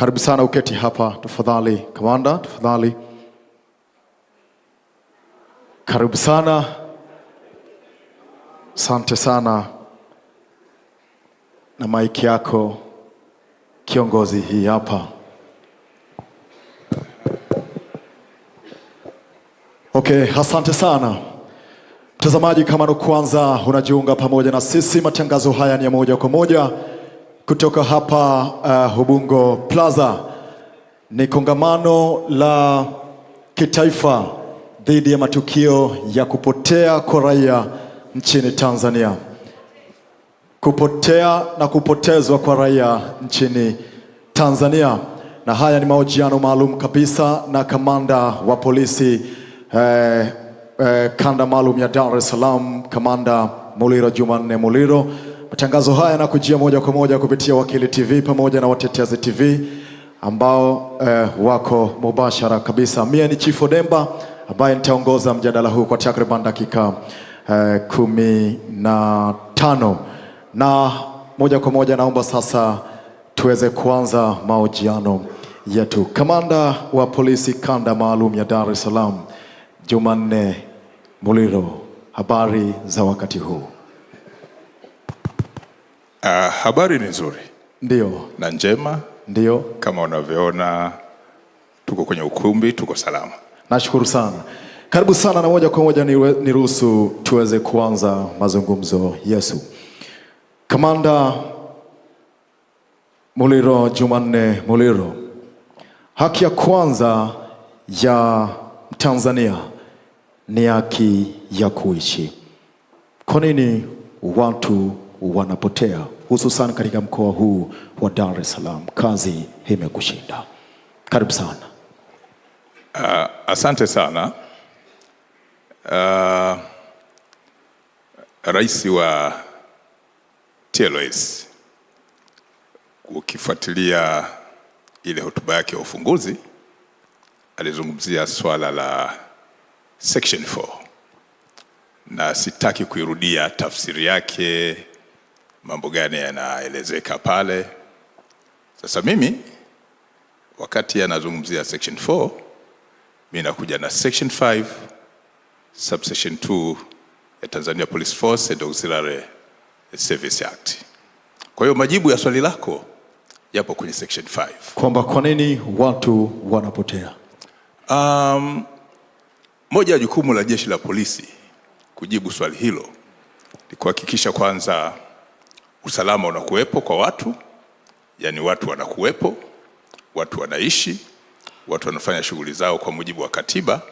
Karibu sana uketi hapa tafadhali, kamanda tafadhali, karibu sana. Asante sana na maiki yako kiongozi, hii hapa. Okay, asante sana mtazamaji, kama ni kwanza unajiunga pamoja na sisi, matangazo haya ni ya moja kwa moja kutoka hapa uh, Ubungo Plaza. Ni kongamano la kitaifa dhidi ya matukio ya kupotea kwa raia nchini Tanzania. Kupotea na kupotezwa kwa raia nchini Tanzania. Na haya ni mahojiano maalum kabisa na kamanda wa polisi eh, eh, kanda maalum ya Dar es Salaam, Kamanda Muliro Jumanne Muliro Matangazo haya yanakujia moja kwa moja kupitia Wakili TV pamoja na Watetezi TV ambao eh, wako mubashara kabisa. Mie ni Chifu Demba ambaye nitaongoza mjadala huu kwa takriban dakika eh, kumi na tano na moja kwa moja naomba sasa tuweze kuanza mahojiano yetu. Kamanda wa polisi kanda maalum ya Dar es Salaam Jumanne Muliro, habari za wakati huu? Uh, habari ni nzuri ndio na njema ndio, kama unavyoona tuko kwenye ukumbi, tuko salama. Nashukuru sana, karibu sana, na moja kwa moja niruhusu tuweze kuanza mazungumzo. Yesu Kamanda Muliro Jumanne Muliro, haki ya kwanza ya Tanzania ni haki ya kuishi. Kwa nini watu wanapotea, hususan katika mkoa huu wa Dar es Salaam. Kazi imekushinda. Karibu sana. Uh, asante sana uh, Rais wa TLS ukifuatilia ile hotuba yake ya ufunguzi alizungumzia swala la section 4 na sitaki kuirudia tafsiri yake mambo gani yanaelezeka pale. Sasa mimi wakati anazungumzia section 4 mimi nakuja na section 5 subsection 2 ya Tanzania Police Force and Auxiliary Service Act. Kwa hiyo majibu ya swali lako yapo kwenye section 5 kwamba kwa nini watu wanapotea. Um, moja ya jukumu la jeshi la polisi kujibu swali hilo ni kuhakikisha kwanza usalama unakuwepo kwa watu, yani watu wanakuwepo, watu wanaishi, watu wanafanya shughuli zao kwa mujibu wa katiba,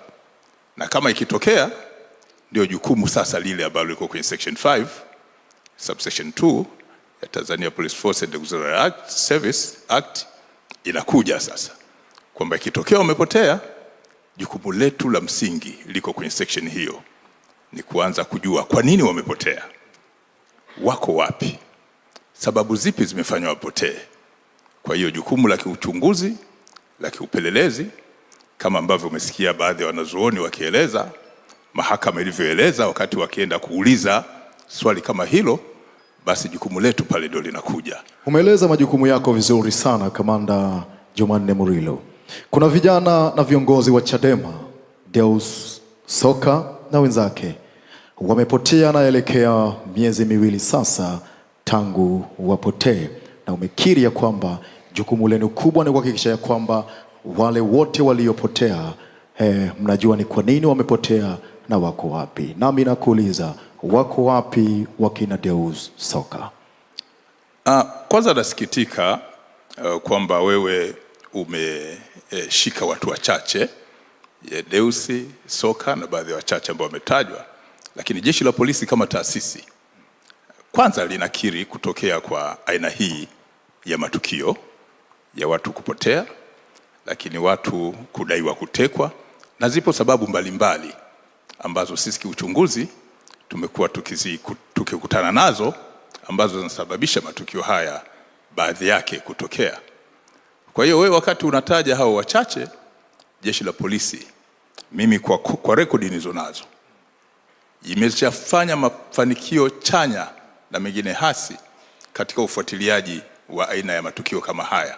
na kama ikitokea, ndio jukumu sasa lile ambalo liko kwenye section 5 subsection 2 ya Tanzania Police Force and Auxiliary Act, Service Act inakuja sasa kwamba ikitokea umepotea, jukumu letu la msingi liko kwenye section hiyo, ni kuanza kujua kwa nini wamepotea, wako wapi sababu zipi zimefanywa wapotee. Kwa hiyo jukumu la kiuchunguzi la kiupelelezi, kama ambavyo umesikia baadhi ya wanazuoni wakieleza, mahakama ilivyoeleza wakati wakienda kuuliza swali kama hilo, basi jukumu letu pale ndio linakuja. Umeeleza majukumu yako vizuri sana Kamanda Jumanne Murilo. Kuna vijana na viongozi wa Chadema Deus Soka na wenzake wamepotea naelekea miezi miwili sasa tangu wapotee, na umekiri ya kwamba jukumu lenu kubwa ni kuhakikisha ya kwamba wale wote waliopotea eh, mnajua ni kwa nini wamepotea na wako wapi. Nami nakuuliza wako wapi wakina Deus Soka? Ah, kwanza nasikitika uh, kwamba wewe umeshika eh, watu wachache eh, deusi Soka na baadhi ya wachache ambao wametajwa, lakini jeshi la polisi kama taasisi kwanza linakiri kutokea kwa aina hii ya matukio ya watu kupotea, lakini watu kudaiwa kutekwa, na zipo sababu mbalimbali mbali ambazo sisi kiuchunguzi tumekuwa tukikutana nazo ambazo zinasababisha matukio haya baadhi yake kutokea. Kwa hiyo wewe wakati unataja hao wachache, jeshi la polisi, mimi kwa, kwa rekodi nilizo nazo imeshafanya mafanikio chanya na mengine hasi katika ufuatiliaji wa aina ya matukio kama haya.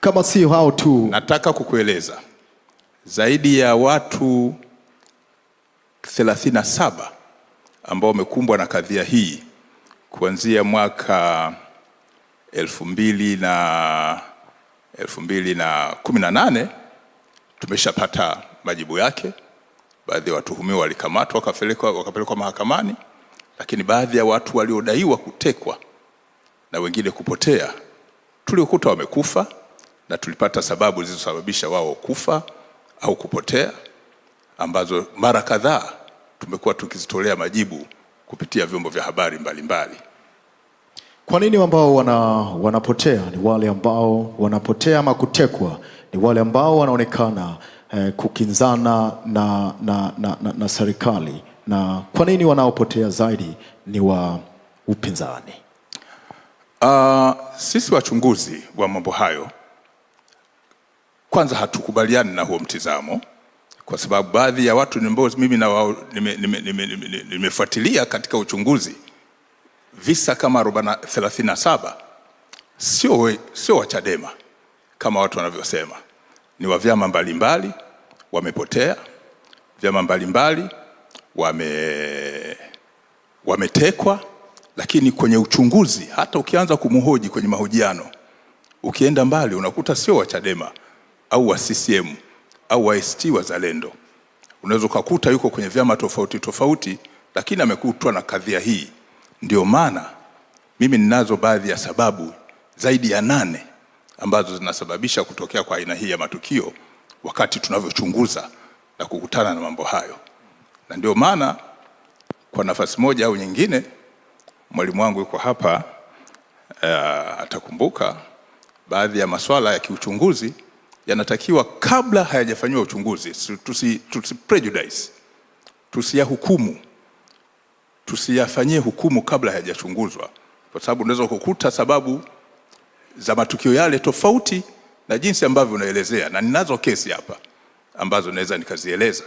Kama sio hao tu, nataka kukueleza zaidi ya watu 37 ambao wamekumbwa na kadhia hii kuanzia mwaka elfu mbili na elfu mbili na kumi na nane tumeshapata majibu yake. Baadhi ya watuhumiwa walikamatwa wakapelekwa mahakamani. Lakini baadhi ya watu waliodaiwa kutekwa na wengine kupotea tuliokuta wamekufa na tulipata sababu zilizosababisha wao kufa au kupotea, ambazo mara kadhaa tumekuwa tukizitolea majibu kupitia vyombo vya habari mbalimbali. Kwa nini ambao wana, wanapotea ni wale ambao wanapotea ama kutekwa ni wale ambao wanaonekana eh, kukinzana na, na, na, na, na serikali na kwa nini wanaopotea zaidi ni wa upinzani? Uh, sisi wachunguzi wa mambo hayo kwanza hatukubaliani na huo mtizamo, kwa sababu baadhi ya watu ambao mimi nimefuatilia nime, nime, nime, nime katika uchunguzi visa kama 37 sio sio wachadema kama watu wanavyosema, ni wa vyama mbalimbali wamepotea, vyama mbalimbali wame wametekwa, lakini kwenye uchunguzi, hata ukianza kumhoji kwenye mahojiano, ukienda mbali unakuta sio wa Chadema au wa CCM au wa ACT Wazalendo, unaweza ukakuta yuko kwenye vyama tofauti tofauti, lakini amekutwa na kadhia hii. Ndio maana mimi ninazo baadhi ya sababu zaidi ya nane ambazo zinasababisha kutokea kwa aina hii ya matukio wakati tunavyochunguza na kukutana na mambo hayo na ndio maana kwa nafasi moja au nyingine mwalimu wangu yuko hapa uh, atakumbuka baadhi ya masuala ya kiuchunguzi yanatakiwa kabla hayajafanyiwa uchunguzi, tusi, tusi prejudice, tusiyahukumu, tusiyafanyie hukumu kabla hayajachunguzwa, kwa sababu unaweza kukuta sababu za matukio yale tofauti na jinsi ambavyo unaelezea, na ninazo kesi hapa ambazo naweza nikazieleza.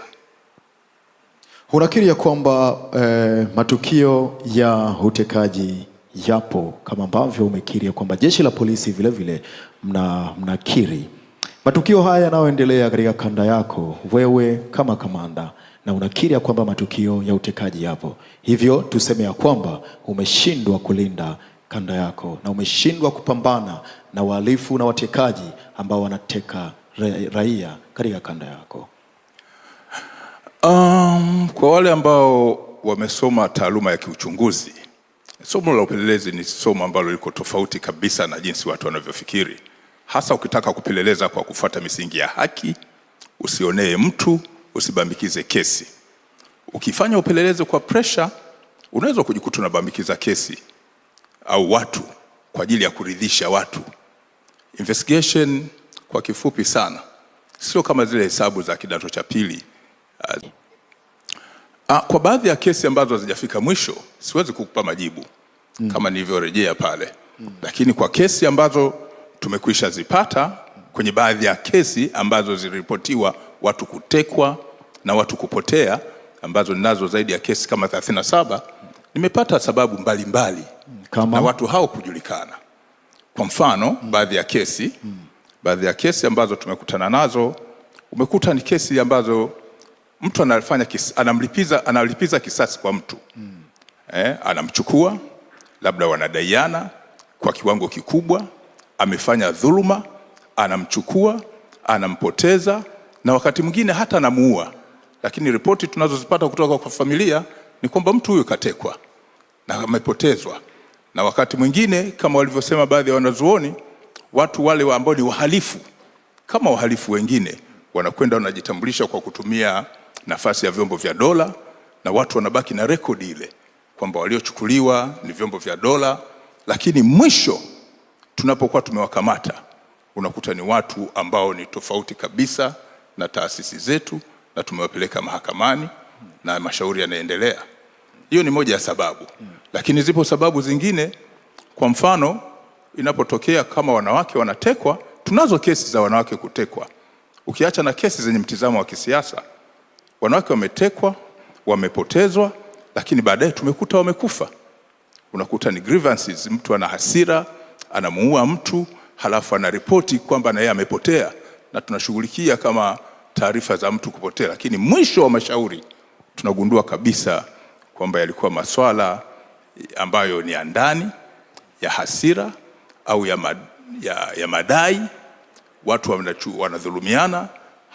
Unakiri ya kwamba eh, matukio ya utekaji yapo kama ambavyo umekiri ya kwamba jeshi la polisi vilevile mna mnakiri matukio haya yanayoendelea katika kanda yako, wewe kama kamanda, na unakiri ya kwamba matukio ya utekaji yapo, hivyo tuseme ya kwamba umeshindwa kulinda kanda yako na umeshindwa kupambana na wahalifu na watekaji ambao wanateka raia katika kanda yako. Um, kwa wale ambao wamesoma taaluma ya kiuchunguzi, somo la upelelezi ni somo ambalo liko tofauti kabisa na jinsi watu wanavyofikiri, hasa ukitaka kupeleleza kwa kufuata misingi ya haki, usionee mtu, usibambikize kesi. Ukifanya upelelezi kwa presha, unaweza kujikuta unabambikiza kesi au watu kwa ajili ya kuridhisha watu. Investigation kwa kifupi sana, sio kama zile hesabu za kidato cha pili Ah, kwa baadhi ya kesi ambazo hazijafika mwisho siwezi kukupa majibu mm. kama nilivyorejea pale mm. lakini kwa kesi ambazo tumekwisha zipata kwenye baadhi ya kesi ambazo ziliripotiwa watu kutekwa na watu kupotea ambazo ninazo zaidi ya kesi kama 37 nimepata sababu mbalimbali mbali, na watu hao kujulikana. Kwa mfano mm. baadhi ya kesi mm. baadhi ya kesi ambazo tumekutana nazo umekuta ni kesi ambazo mtu anafanya kis, anamlipiza, analipiza kisasi kwa mtu hmm. Eh, anamchukua labda wanadaiana kwa kiwango kikubwa, amefanya dhuluma, anamchukua anampoteza, na wakati mwingine hata anamuua. Lakini ripoti tunazozipata kutoka kwa familia ni kwamba mtu huyu katekwa na amepotezwa, na wakati mwingine kama walivyosema baadhi ya wanazuoni, watu wale ambao ni wahalifu kama wahalifu wengine wanakwenda wanajitambulisha kwa kutumia nafasi ya vyombo vya dola na watu wanabaki na rekodi ile kwamba waliochukuliwa ni vyombo vya dola, lakini mwisho tunapokuwa tumewakamata unakuta ni watu ambao ni tofauti kabisa na taasisi zetu, na tumewapeleka mahakamani na mashauri yanaendelea. Hiyo ni moja ya sababu, lakini zipo sababu zingine. Kwa mfano, inapotokea kama wanawake wanatekwa, tunazo kesi za wanawake kutekwa, ukiacha na kesi zenye mtizamo wa kisiasa wanawake wametekwa, wamepotezwa, lakini baadaye tumekuta wamekufa. Unakuta ni grievances, mtu ana hasira anamuua mtu halafu anaripoti kwamba na yeye amepotea, na tunashughulikia kama taarifa za mtu kupotea, lakini mwisho wa mashauri tunagundua kabisa kwamba yalikuwa maswala ambayo ni ya ndani ya hasira au ya, ma, ya, ya madai. Watu wanadhulumiana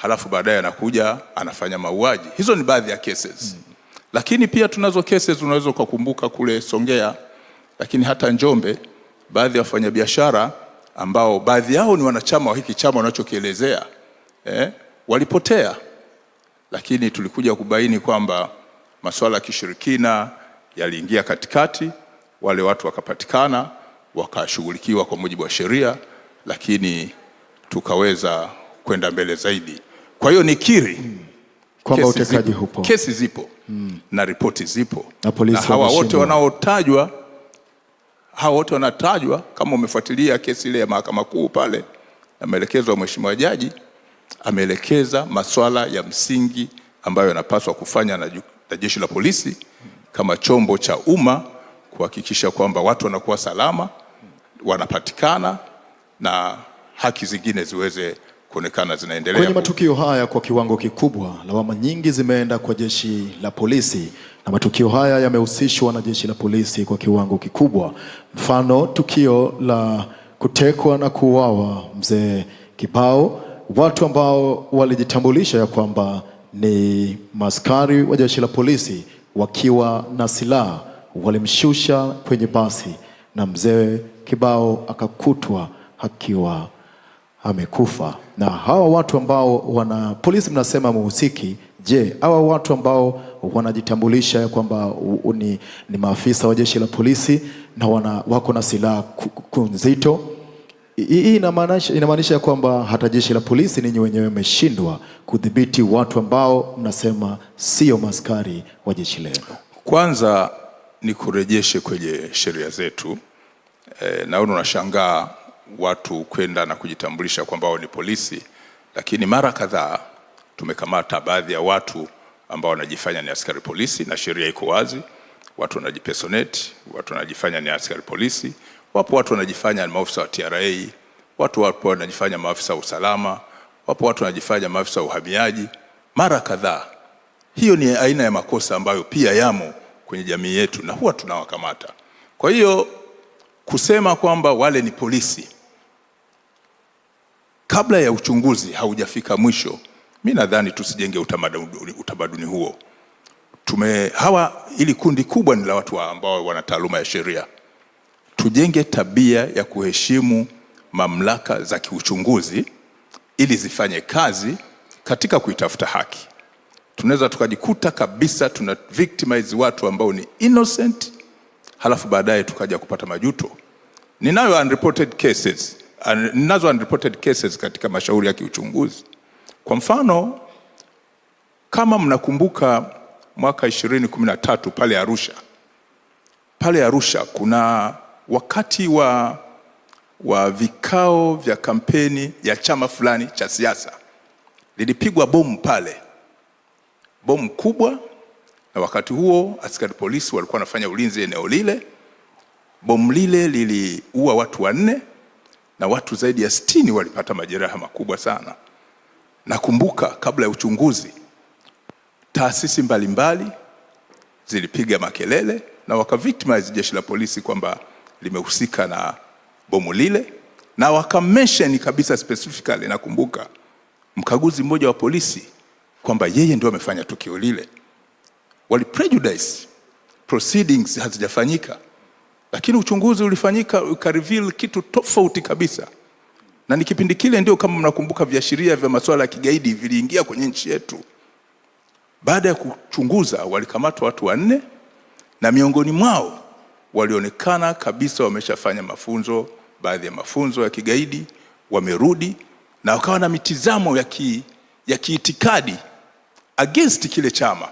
halafu baadaye anakuja anafanya mauaji. Hizo ni baadhi ya cases mm. Lakini pia tunazo cases unaweza ukakumbuka kule Songea, lakini hata Njombe, baadhi ya wafanyabiashara ambao baadhi yao ni wanachama wa hiki chama unachokielezea eh, walipotea, lakini tulikuja kubaini kwamba masuala ya kishirikina yaliingia katikati, wale watu wakapatikana, wakashughulikiwa kwa mujibu wa sheria, lakini tukaweza kwenda mbele zaidi. Kwa hiyo nikiri mm. kwamba utekaji hupo, kesi zipo mm. na ripoti zipo na polisi, na hawa wote wanaotajwa, hawa wote wanatajwa, kama umefuatilia kesi ile ya mahakama kuu pale, na maelekezo ya mheshimiwa jaji ameelekeza masuala ya msingi ambayo yanapaswa kufanya na, na jeshi la polisi kama chombo cha umma kuhakikisha kwamba watu wanakuwa salama, wanapatikana na haki zingine ziweze kuonekana zinaendelea. Kwenye matukio haya kwa kiwango kikubwa lawama nyingi zimeenda kwa jeshi la polisi na matukio haya yamehusishwa na jeshi la polisi kwa kiwango kikubwa. Mfano, tukio la kutekwa na kuuawa mzee Kibao, watu ambao walijitambulisha ya kwamba ni maskari wa jeshi la polisi wakiwa na silaha walimshusha kwenye basi na mzee Kibao akakutwa akiwa amekufa. Na hawa watu ambao wana polisi mnasema muhusiki, je, hawa watu ambao wanajitambulisha kwamba ni, ni maafisa wa jeshi la polisi na wana, wako na silaha nzito hii inamaanisha kwamba hata jeshi la polisi ninyi wenyewe mmeshindwa kudhibiti watu ambao mnasema sio maskari wa jeshi lenu. Kwanza ni kurejeshe kwenye sheria zetu e, eh, na unashangaa watu kwenda na kujitambulisha kwamba wao ni polisi, lakini mara kadhaa tumekamata baadhi ya watu ambao wanajifanya ni askari polisi, na sheria iko wazi. Watu wanajipersonate, watu wanajifanya ni askari polisi, wapo watu wanajifanya ni maafisa wa TRA, watu wapo wanajifanya maafisa wa usalama, wapo watu wanajifanya maafisa wa uhamiaji mara kadhaa. Hiyo ni aina ya makosa ambayo pia yamo kwenye jamii yetu na huwa tunawakamata. Kwa hiyo kusema kwamba wale ni polisi kabla ya uchunguzi haujafika mwisho, mi nadhani tusijenge utamaduni, utamaduni huo. Tume hawa ili kundi kubwa ni la watu ambao wana taaluma ya sheria. Tujenge tabia ya kuheshimu mamlaka za kiuchunguzi ili zifanye kazi katika kuitafuta haki. Tunaweza tukajikuta kabisa tuna victimize watu ambao ni innocent, halafu baadaye tukaja kupata majuto. Ninayo unreported cases nazo unreported cases katika mashauri ya kiuchunguzi. Kwa mfano kama mnakumbuka mwaka 2013 pale Arusha, pale Arusha kuna wakati wa, wa vikao vya kampeni ya chama fulani cha siasa lilipigwa bomu pale, bomu kubwa, na wakati huo askari polisi walikuwa wanafanya ulinzi eneo lile. Bomu lile liliua watu wanne na watu zaidi ya sitini walipata majeraha makubwa sana. Nakumbuka kabla ya uchunguzi, taasisi mbalimbali zilipiga makelele na wakavictimize jeshi la polisi kwamba limehusika na bomu lile, na wakamention kabisa specifically, nakumbuka mkaguzi mmoja wa polisi kwamba yeye ndio amefanya tukio lile. Wali prejudice proceedings hazijafanyika lakini uchunguzi ulifanyika ukareveal kitu tofauti kabisa, na ni kipindi kile ndio, kama mnakumbuka, viashiria vya masuala ya kigaidi viliingia kwenye nchi yetu. Baada ya kuchunguza, walikamatwa watu wanne na miongoni mwao walionekana kabisa wameshafanya mafunzo, baadhi ya mafunzo ya kigaidi, wamerudi na wakawa na mitizamo ya ki, ya kiitikadi against kile chama,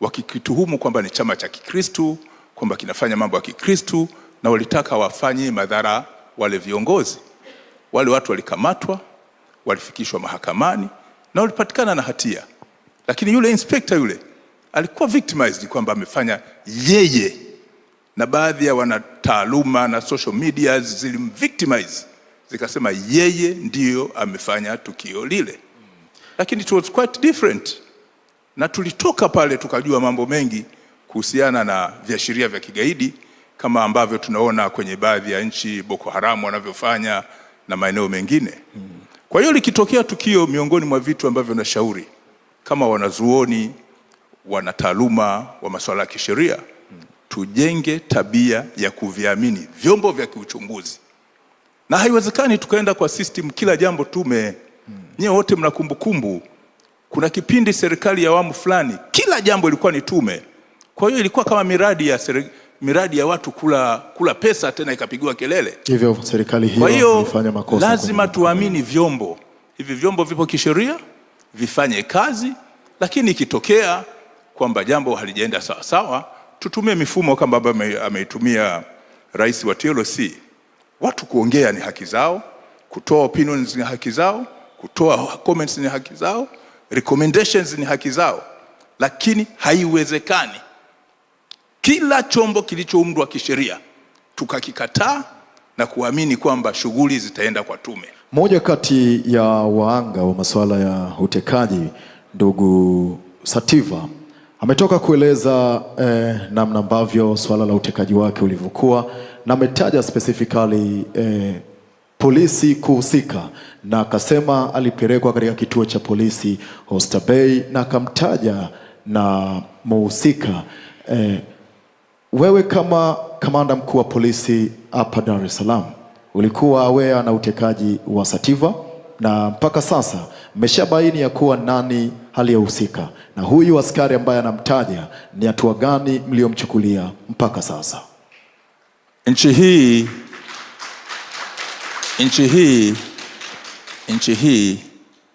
wakikituhumu kwamba ni chama cha Kikristo kwamba kinafanya mambo ya Kikristu na walitaka wafanye madhara wale viongozi. Wale watu walikamatwa, walifikishwa mahakamani na walipatikana na hatia, lakini yule inspector yule alikuwa victimized kwamba amefanya yeye, na baadhi ya wanataaluma na social media zilimvictimize zikasema yeye ndiyo amefanya tukio lile, lakini it was quite different, na tulitoka pale tukajua mambo mengi kuhusiana na viashiria vya kigaidi kama ambavyo tunaona kwenye baadhi ya nchi Boko haram wanavyofanya na maeneo mengine. Kwa hiyo likitokea tukio, miongoni mwa vitu ambavyo nashauri kama wanazuoni, wanataaluma wa masuala ya kisheria, tujenge tabia ya kuviamini vyombo vya kiuchunguzi, na haiwezekani tukaenda kwa system kila jambo tume. Nyewe wote mna kumbukumbu, kuna kipindi serikali ya awamu fulani kila jambo ilikuwa ni tume kwa hiyo ilikuwa kama miradi ya seri, miradi ya watu kula, kula pesa tena ikapigwa kelele. Hivyo serikali hiyo hiyo ilifanya makosa. Lazima tuamini vyombo hivi, vyombo vipo kisheria vifanye kazi, lakini ikitokea kwamba jambo halijaenda sawa sawa, tutumie mifumo kama ambavyo ameitumia rais wa TLC. Watu kuongea ni haki zao, kutoa opinions ni haki zao, kutoa comments ni haki zao, recommendations ni haki zao, lakini haiwezekani kila chombo kilichoundwa kisheria tukakikataa na kuamini kwamba shughuli zitaenda kwa tume. Moja kati ya waanga wa masuala ya utekaji, ndugu Sativa ametoka kueleza eh, namna ambavyo suala la utekaji wake ulivyokuwa na ametaja specifically eh, polisi kuhusika na akasema alipelekwa katika kituo cha polisi Oysterbay na akamtaja na muhusika eh, wewe kama kamanda mkuu wa polisi hapa Dar es Salaam ulikuwa awea na utekaji wa Sativa na mpaka sasa mmeshabaini ya kuwa nani aliyehusika, na huyu askari ambaye anamtaja ni hatua gani mliyomchukulia mpaka sasa? Nchi hii nchi hii nchi hii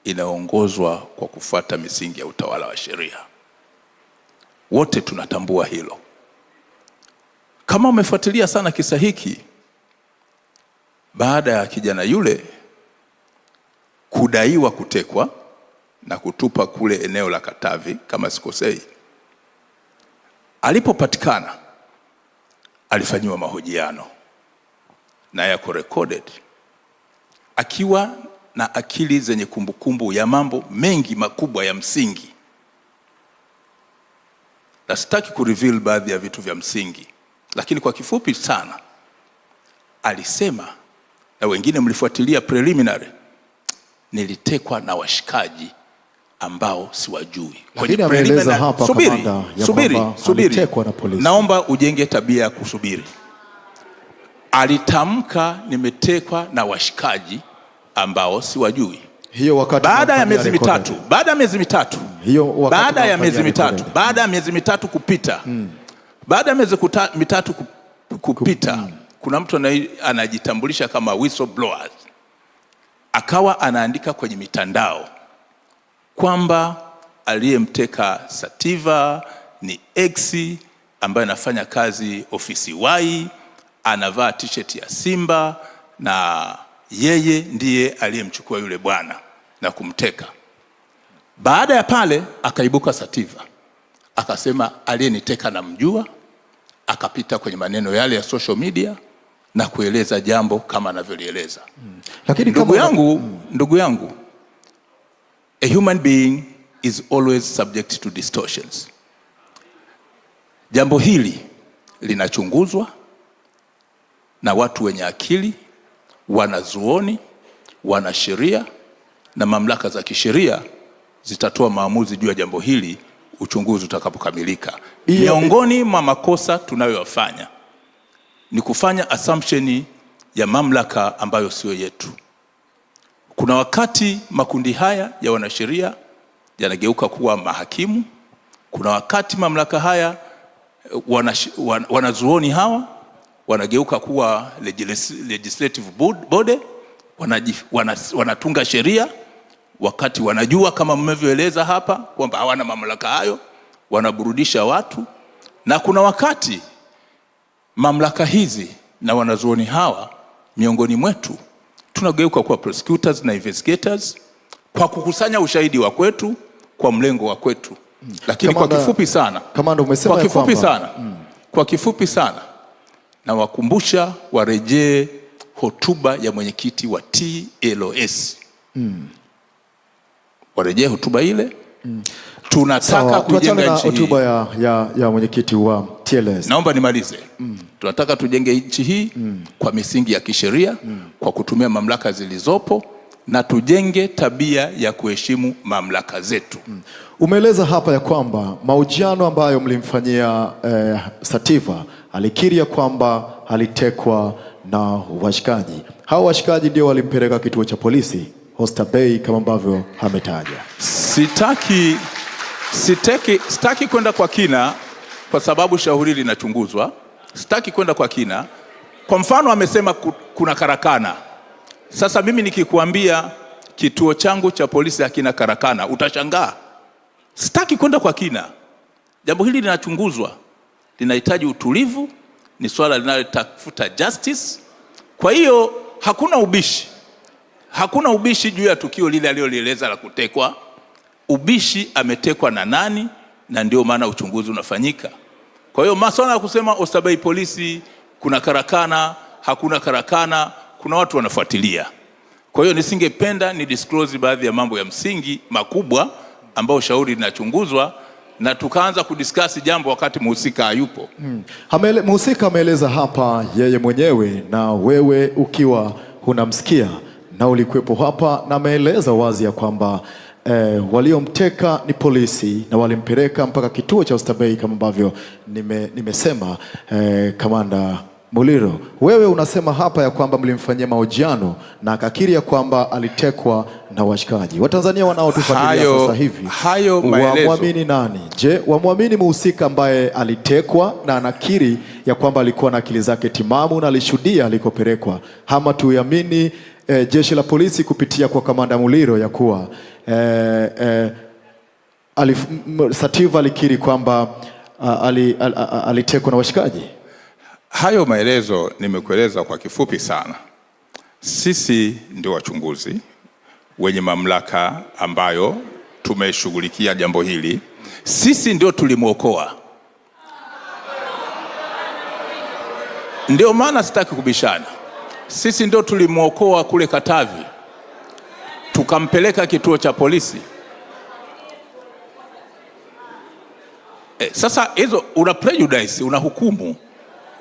inaongozwa kwa kufuata misingi ya utawala wa sheria, wote tunatambua hilo. Kama umefuatilia sana kisa hiki, baada ya kijana yule kudaiwa kutekwa na kutupa kule eneo la Katavi kama sikosei, alipopatikana alifanyiwa mahojiano na yako recorded, akiwa na akili zenye kumbukumbu -kumbu ya mambo mengi makubwa ya msingi, na sitaki kureveal baadhi ya vitu vya msingi lakini kwa kifupi sana alisema, na wengine mlifuatilia preliminary, nilitekwa na washikaji ambao siwajui. Kwenye preliminary hapa, subiri, kamanda, subiri, subiri, Na naomba ujenge tabia ya kusubiri. Alitamka nimetekwa na washikaji ambao siwajui. Hiyo wakati baada ya miezi mitatu, baada ya miezi mitatu, baada ya miezi mitatu, baada ya miezi mitatu kupita hmm. Baada ya miezi mitatu kupita, mm. kuna mtu anajitambulisha kama whistleblowers akawa anaandika kwenye mitandao kwamba aliyemteka Sativa ni X ambaye anafanya kazi ofisi Y, anavaa t-shirt ya Simba na yeye ndiye aliyemchukua yule bwana na kumteka. Baada ya pale akaibuka Sativa. Akasema aliyeniteka namjua, akapita kwenye maneno yale ya social media na kueleza jambo kama anavyolieleza. Hmm. Lakini ndugu yangu, hmm. ndugu yangu, a human being is always subject to distortions. Jambo hili linachunguzwa na watu wenye akili, wanazuoni, wanasheria na mamlaka za kisheria zitatoa maamuzi juu ya jambo hili uchunguzi utakapokamilika. Miongoni mwa makosa tunayoyafanya ni kufanya assumption ya mamlaka ambayo siyo yetu. Kuna wakati makundi haya ya wanasheria yanageuka kuwa mahakimu. Kuna wakati mamlaka haya eh, wanazuoni hawa wanageuka kuwa legislative body, wanatunga sheria wakati wanajua kama mmevyoeleza hapa kwamba hawana mamlaka hayo, wanaburudisha watu, na kuna wakati mamlaka hizi na wanazuoni hawa miongoni mwetu tunageuka kuwa prosecutors na investigators kwa kukusanya ushahidi wa kwetu kwa mlengo wa kwetu. Hmm. Lakini kwa kifupi sana kamanda, umesema kwa kifupi sana mm, kwa kifupi sana nawakumbusha warejee hotuba ya mwenyekiti wa TLS mm warejee hotuba ile mm. Tunataka kujenga nchi Hotuba ya, ya, ya mwenyekiti wa TLS. Naomba nimalize mm. Tunataka tujenge nchi hii mm. kwa misingi ya kisheria mm. kwa kutumia mamlaka zilizopo na tujenge tabia ya kuheshimu mamlaka zetu mm. Umeeleza hapa ya kwamba mahojiano ambayo mlimfanyia eh, Sativa alikiri ya kwamba alitekwa na washikaji. Hao washikaji ndio walimpeleka kituo cha polisi. Coaster Bay kama ambavyo ametaja. Sitaki, sitaki, sitaki kwenda kwa kina kwa sababu shauri linachunguzwa. Sitaki kwenda kwa kina. Kwa mfano amesema kuna karakana. Sasa mimi nikikuambia kituo changu cha polisi hakina karakana utashangaa. Sitaki kwenda kwa kina. Jambo hili linachunguzwa, linahitaji utulivu, ni swala linalotafuta justice. Kwa hiyo hakuna ubishi. Hakuna ubishi juu ya tukio lile alilolieleza la kutekwa. Ubishi ametekwa na nani, na ndio maana uchunguzi unafanyika. Kwa hiyo masuala ya kusema Oysterbay polisi kuna karakana, hakuna karakana, kuna watu wanafuatilia. Kwa hiyo nisingependa ni disclose baadhi ya mambo ya msingi makubwa ambayo shauri linachunguzwa na tukaanza kudiskasi jambo wakati mhusika hayupo. Hmm. Mhusika ameeleza hapa yeye mwenyewe na wewe ukiwa unamsikia na ulikuwepo hapa na ameeleza wazi ya kwamba eh, waliomteka ni polisi na walimpeleka mpaka kituo cha Oysterbay kama ambavyo nime, nimesema eh, Kamanda Muliro, wewe unasema hapa ya kwamba mlimfanyia mahojiano na akakiri ya kwamba alitekwa na washikaji. Watanzania wanaotufuatilia sasa hivi hayo maelezo, wamwamini nani? Je, wamwamini mhusika ambaye alitekwa na anakiri ya kwamba alikuwa na akili zake timamu na alishuhudia alikopelekwa, ama tuamini e, jeshi la polisi kupitia kwa kamanda Muliro ya kuwa e, e, alif, Sativa alikiri kwamba alitekwa al, al, al na washikaji. Hayo maelezo nimekueleza kwa kifupi sana. Sisi ndio wachunguzi wenye mamlaka ambayo tumeshughulikia jambo hili. Sisi ndio tulimwokoa, ndio maana sitaki kubishana. Sisi ndo tulimwokoa kule Katavi, tukampeleka kituo cha polisi. E, sasa hizo una prejudice, una hukumu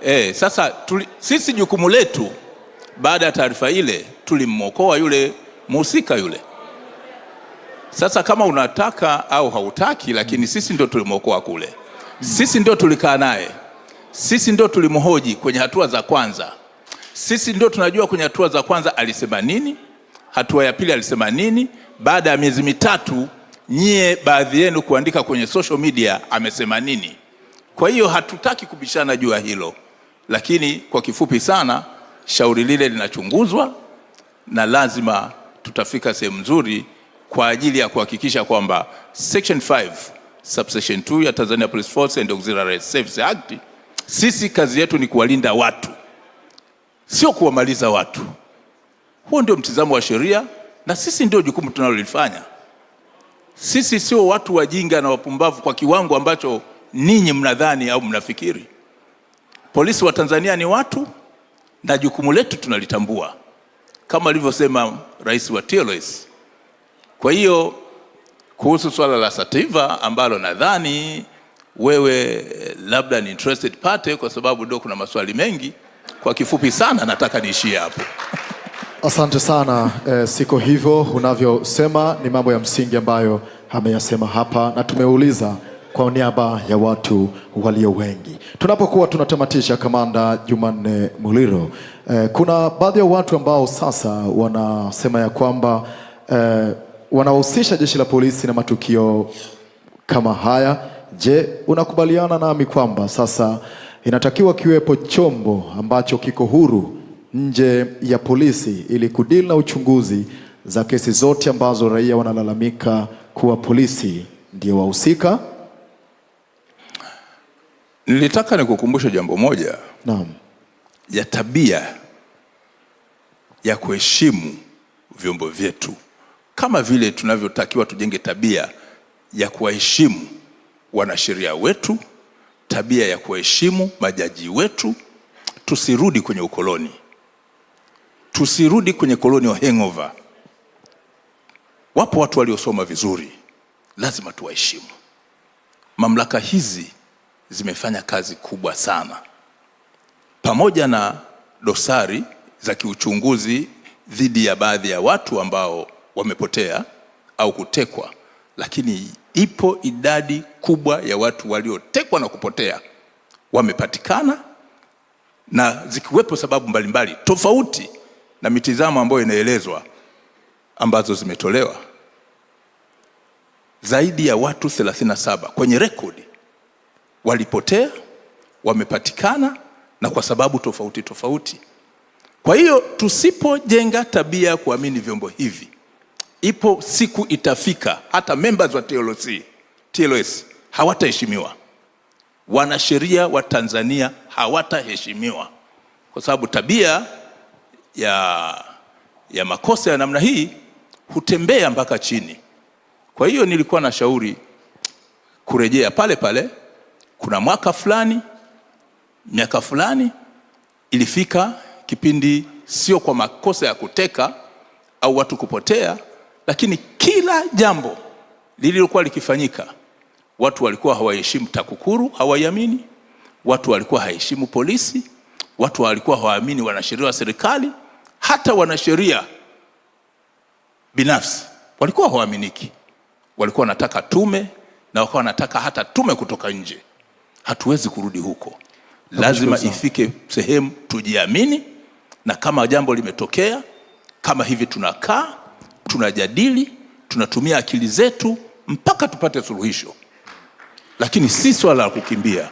e. Sasa tuli, sisi jukumu letu baada ya taarifa ile tulimwokoa yule mhusika yule. Sasa kama unataka au hautaki, lakini sisi ndio tulimwokoa kule, sisi ndio tulikaa naye, sisi ndio tulimhoji kwenye hatua za kwanza sisi ndio tunajua kwenye hatua za kwanza alisema nini, hatua ya pili alisema nini, baada ya miezi mitatu nyie baadhi yenu kuandika kwenye social media amesema nini. Kwa hiyo hatutaki kubishana juu ya hilo, lakini kwa kifupi sana, shauri lile linachunguzwa na lazima tutafika sehemu nzuri kwa ajili ya kuhakikisha kwamba section 5 subsection 2 ya Tanzania Police Force and Auxiliary Service Act, sisi kazi yetu ni kuwalinda watu sio kuwamaliza watu. Huo ndio mtizamo wa sheria, na sisi ndio jukumu tunalolifanya. Sisi sio watu wajinga na wapumbavu kwa kiwango ambacho ninyi mnadhani au mnafikiri. Polisi wa Tanzania ni watu na jukumu letu tunalitambua, kama alivyosema Rais wa TLS. Kwa hiyo kuhusu swala la Sativa ambalo nadhani wewe eh, labda ni interested pate, kwa sababu ndio kuna maswali mengi kwa kifupi sana, nataka niishie hapo. Asante sana e, siko hivyo unavyosema. Ni mambo ya msingi ambayo ameyasema hapa, na tumeuliza kwa niaba ya watu walio wengi. Tunapokuwa tunatamatisha, Kamanda Jumanne Muliro, e, kuna baadhi ya watu ambao sasa wanasema ya kwamba e, wanahusisha jeshi la polisi na matukio kama haya. Je, unakubaliana nami kwamba sasa Inatakiwa kiwepo chombo ambacho kiko huru nje ya polisi ili kudili na uchunguzi za kesi zote ambazo raia wanalalamika kuwa polisi ndio wahusika. Nilitaka nikukumbushe jambo moja. Naam. ya tabia ya kuheshimu vyombo vyetu kama vile tunavyotakiwa tujenge tabia ya kuwaheshimu wanasheria wetu tabia ya kuheshimu majaji wetu, tusirudi kwenye ukoloni, tusirudi kwenye colonial hangover. Wapo watu waliosoma vizuri, lazima tuwaheshimu. Mamlaka hizi zimefanya kazi kubwa sana, pamoja na dosari za kiuchunguzi dhidi ya baadhi ya watu ambao wamepotea au kutekwa, lakini ipo idadi kubwa ya watu waliotekwa na kupotea wamepatikana, na zikiwepo sababu mbalimbali tofauti na mitizamo ambayo inaelezwa ambazo zimetolewa, zaidi ya watu 37 kwenye rekodi walipotea, wamepatikana na kwa sababu tofauti tofauti. Kwa hiyo tusipojenga tabia ya kuamini vyombo hivi ipo siku itafika, hata members wa TLS, TLS hawataheshimiwa, wanasheria wa Tanzania hawataheshimiwa kwa sababu tabia ya, ya makosa ya namna hii hutembea mpaka chini. Kwa hiyo nilikuwa na shauri kurejea pale pale. Kuna mwaka fulani, miaka fulani ilifika kipindi, sio kwa makosa ya kuteka au watu kupotea lakini kila jambo lililokuwa likifanyika, watu walikuwa hawaheshimu TAKUKURU, hawaiamini. Watu walikuwa haheshimu polisi, watu walikuwa hawaamini wanasheria wa serikali, hata wanasheria binafsi walikuwa hawaaminiki. Walikuwa wanataka tume na wakawa wanataka hata tume kutoka nje. Hatuwezi kurudi huko, lazima ifike sehemu tujiamini, na kama jambo limetokea kama hivi tunakaa tunajadili, tunatumia akili zetu mpaka tupate suluhisho, lakini si swala la kukimbia.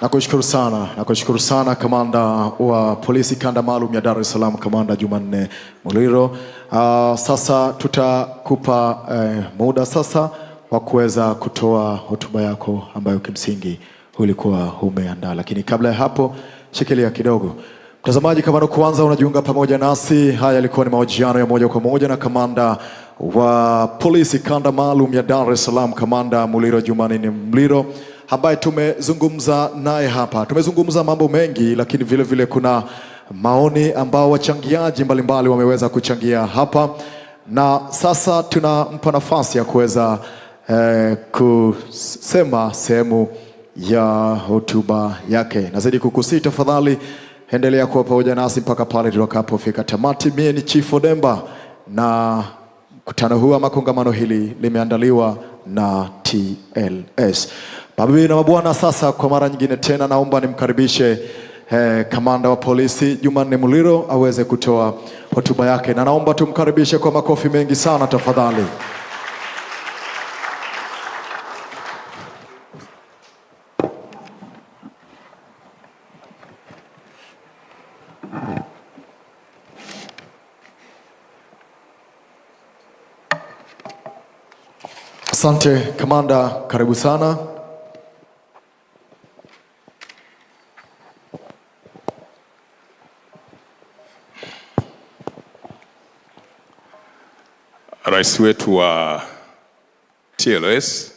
Nakushukuru sana, nakushukuru sana kamanda wa polisi kanda maalum ya Dar es Salaam, Kamanda Jumanne Muliro. Uh, sasa tutakupa eh, muda sasa wa kuweza kutoa hotuba yako ambayo kimsingi ulikuwa umeandaa, lakini kabla ya hapo, shikilia kidogo. Mtazamaji, kama ndo kwanza unajiunga pamoja nasi, haya yalikuwa ni mahojiano ya moja kwa moja na kamanda wa polisi kanda maalum ya Dar es Salaam, Kamanda Muliro Jumanne Mliro ambaye tumezungumza naye hapa. Tumezungumza mambo mengi, lakini vilevile vile kuna maoni ambao wachangiaji mbalimbali wameweza kuchangia hapa, na sasa tunampa nafasi ya kuweza eh, kusema sehemu ya hotuba yake. Nazidi kukusii tafadhali Endelea kuwa pamoja nasi mpaka pale tutakapofika tamati. Mie ni Chief Odemba na mkutano huu ama kongamano hili limeandaliwa na TLS. Mabibi na mabwana, sasa kwa mara nyingine tena naomba nimkaribishe eh, kamanda wa polisi Jumanne Muliro aweze kutoa hotuba yake, na naomba tumkaribishe kwa makofi mengi sana tafadhali. Asante kamanda, karibu sana. Rais wetu wa TLS